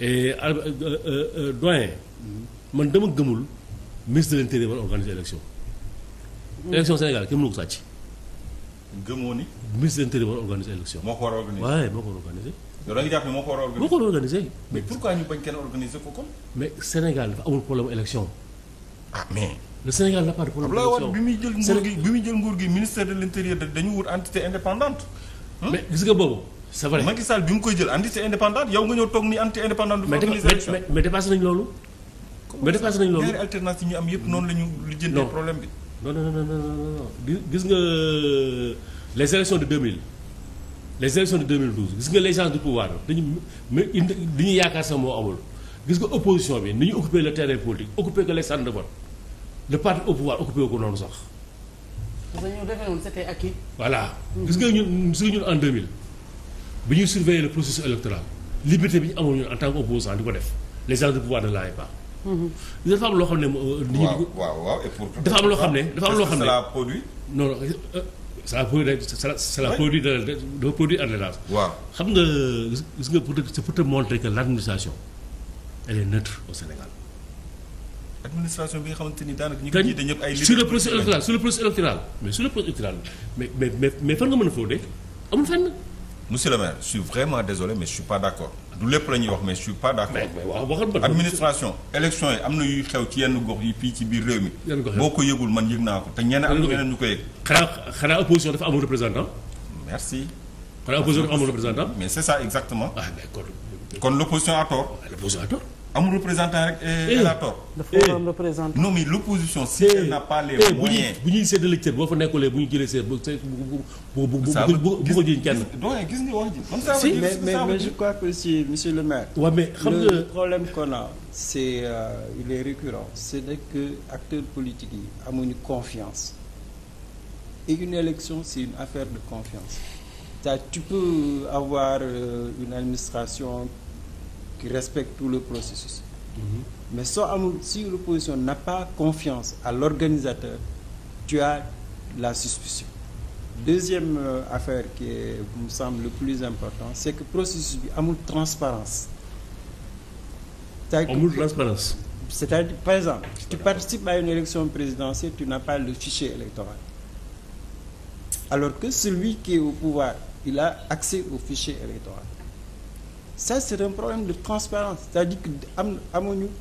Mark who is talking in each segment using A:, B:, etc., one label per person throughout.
A: et euh, euh, euh, doyen. man dama gëmul ministre de l'intérieur war organiser élection. élection Sénégal kenn mënu ko sàcc. gëmoo ni. ministre de l'intérieur war organiser élection. moo ko a organiser a organiser. yow da nga jàpp ne moo a mais pourquoi Sénégal dafa amul problème élection. ah mais. le Sénégal n'a pas de problème d'élection bi muy jël nguur gi bi muy jël nguur gi ministère de l'intérieur dañu wut entité indépendante. mais gis nga boobu. c'est vrai Macky Sall bi mu koy jël anti indépendant yow nga ñëw toog ni anti indépendant. mais mais dépassé nañ loolu.
B: mais dépassé nañ loolu ñaari
A: alternance gis nga les de 2000 les élections de 2012 gis nga les gens du pouvoir dañu mais li ñuy yaakaar sax moo amul gis nga opposition bi ni ñu occupé le terrain politique occupé que les centres de vote le parti au pouvoir occupé ko noonu sax. parce que ñoo defee woon c'était acquis. voilà gis nga ñun gis nga bi ñuy surveiller le processus électoral liberté bi ñu amoon ñun en tant que opposant di ko def les gens du pouvoir ne l'avaient mm-hmm. dafa am loo xam ne. Euh, waaw waaw waaw et pour. dafa am loo xam ne dafa am loo xam ne cela produit. non non cela euh, produit cela produit de dafa produit ordonnance. waaw nga gis nga pour c'est pour te montrer que l'administration elle est neutre au bi nga xamante ni daanaka ñu ngi jiite électoral sur le processus électoral mais sur le processus électoral mais mais mais fan nga mën a fóodee amul fenn. monsieur le maire je suis vraiment désolé mais suis pas d'accord du lépp
B: la ñuy wax mais je suis pas d'accord administration
A: élection yi am na yuy xew ci yenn gox yi fii ci biir réew mi boo ko yëgul man yëg naa ko te ñeneen am na ñeneen ko yëg xanaa xanaa opposition dafa amul représentant merci
B: xanaa opposition dafa amul représentant mais
A: c'est ça exactement ah d'accord kon l'opposition a tort l'opposition a amul représentant rek elle euh, eh, a tort. dafa
B: am eh. représentant. non mais l'opposition si eh,
A: boo fa nekkulee bu ñu jëlee cër bu
B: bu bu bu gis nga mais mais je crois que si monsieur le maire. waaw xam nga le problème qu'on a c'est euh, il est récurrent. c'est que acteurs politiques yi amuñu confiance et une élection c'est une affaire de confiance. ça tu peux avoir euh, une administration. qui respecte tout le processus. Mhm. mais soo amul si l'opposition n'a pas confiance à l'organisateur tu as la suspicion. deuxième euh, affaire qui est, me le plus important c'est que processus bi amul transparence amul transparence c'est-à-dire par exemple tu participes à une élection présidentielle tu n'as pas le fichier électoral alors que celui qui est au pouvoir il a accès au fichier électoral ça c'est un problème de transparence c'est-à-dire que am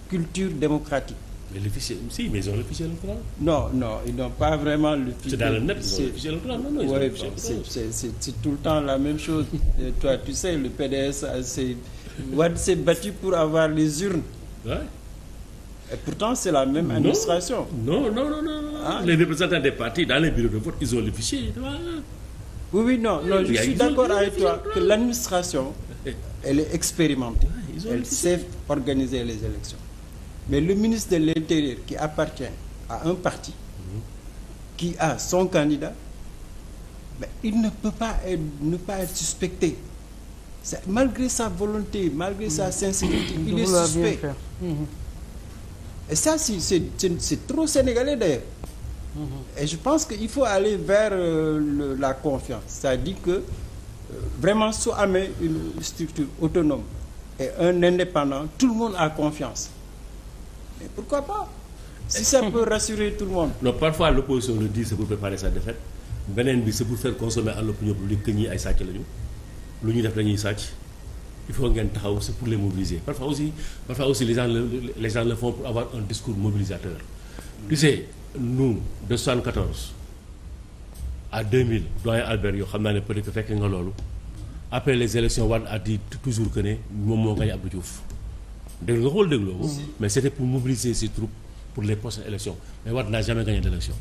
B: culture démocratique. mais le si mais ils ont le fichier électoral. non non ils n'ont pas vraiment le. fichier c'est dans le net le fichier électoral non non ils ont le tout le temps la même chose Et toi le PDS euh, c'est battu pour avoir les urnes. Ouais. Et pourtant c'est la même administration. non non non non non. ah les représentants des partis dans les bureaux de vote ils ont le fichier. oui oui non non je suis d'accord avec toi que l'administration elle est expérimentée ah, elle sait organiser les élections mais le ministre de l'Intérieur qui appartient à un parti mhm. qui a son candidat mais il ne peut pas être, ne pas être suspecté c'est, malgré sa volonté malgré sa mhm. sincérité il est suspect et ça c'est trop sénégalais d'ailleurs Mm-hmm. et je pense que il faut aller vers euh, le, la confiance c'est-à-dire que euh, vraiment soo amee une structure autonome et un indépendant tout le monde a confiance mais pourquoi pas si ça peut rassurer tout le monde
A: non parfois l'opposition le dit c'est pour préparer sa défaite beneen bi c'est pour faire consommer à l'opinion publique que ñii ay sàcc lañu lu ñuy def lañuy sàcc il faut ngeen taxaw c'est pour les mobiliser parfois aussi parfois aussi les gens le, les gens le font pour avoir nous de 74 à 2000 doyen Albert yoo xam naa ne peut-être fekk nga loolu après les élections Wade a dit toujours que ne moom moo gañ Abdou Diouf dégg nga xool dégloo ko mais c'était pour mobiliser ses troupes pour les prochaines élections mais Wade n'a jamais gagné d'élection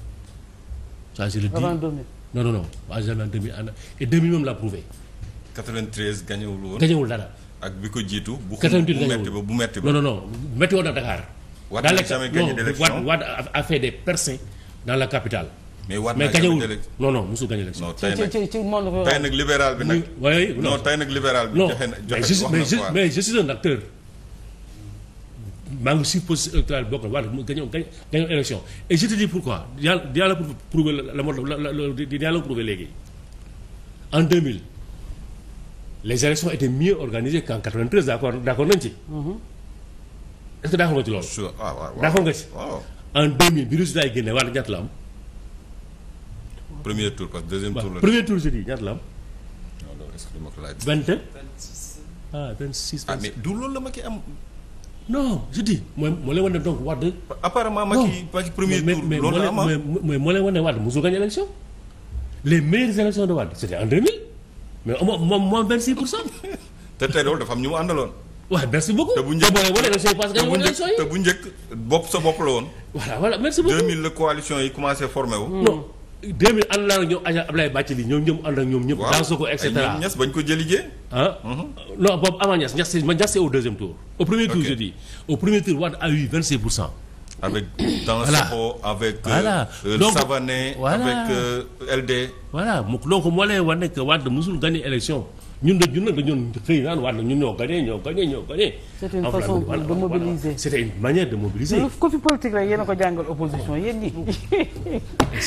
A: ça je le dis avant 2000 non non non à jamais en 2000 et 2000 même l'a prouvé. 93 gañewul woon gañewul dara. ak bi ko jiitu. bu xum bu metti ba bu metti ba non non non météo na Dakar. Wade n'a jamais gagné d'élection non Wade a fait des percées dans la capitale. mais Wade n'a jamais non non musul gagné élection.
B: non nag
A: libéral bi nag. oui non tey nag libéral bi. joxe na joxe mais je mais je suis un acteur. maa ngi suivre processus électoral bokk na Wade mu gagné élection et je te dis pourquoi yàlla dinaa la prouver la moo dinaa la prouver léegi en 2000 les élections étaient mieux organisées qu'en 93 d'accord d'accord nañ ci. Mm-hmm. est ce nga ci loolu. sure ah, nga ci. en 2000 bi résultat yi génne wala ñaata la am. premier tour parce que deuxième tour la. premier tour je dis ñaata la am. non non est ce que dama ko laaj. vingt et. ah vingt six ah mais du loolu la ma ki am. non je mooy moo leen wan donc Wade. apparemment ma kii ma kii premier tour. loolu la am ah. mais mais moo leen moom moom moom vingt six pour cent. te tey dafa am ñu mu àndaloon. waaw merci beaucoup. te bu njëkk te bu njëkk bopp sa bopp la woon. voilà voilà
B: merci beaucoup 2000 la coalition yi commencé formé wu. non
A: 2000 ànd naa ak ñoom agent Ablaye Bathily ñoom ñoom ànd ak ñoom ñëpp. dans ko et cetera ñes bañ ko jëli jee. ah mhm. non boobu avant ñes au deuxième tour. au premier tour je dis au premier tour Wade a eu 26 pour cent. avec Dansokho avec euh, voilà euh, donc Savané avec euh, LD. voilà mu donc moo lay wan nekk Wade musul gagné élection ñun de ñun nag dañu xëy naan Wade ñun ñoo gagné ñoo gagné ñoo
B: gagné. c'est une façon de mobiliser.
A: c'était une manière de mobiliser.
B: ku fi politique rek yéen ko jàngal opposition yéen ñi.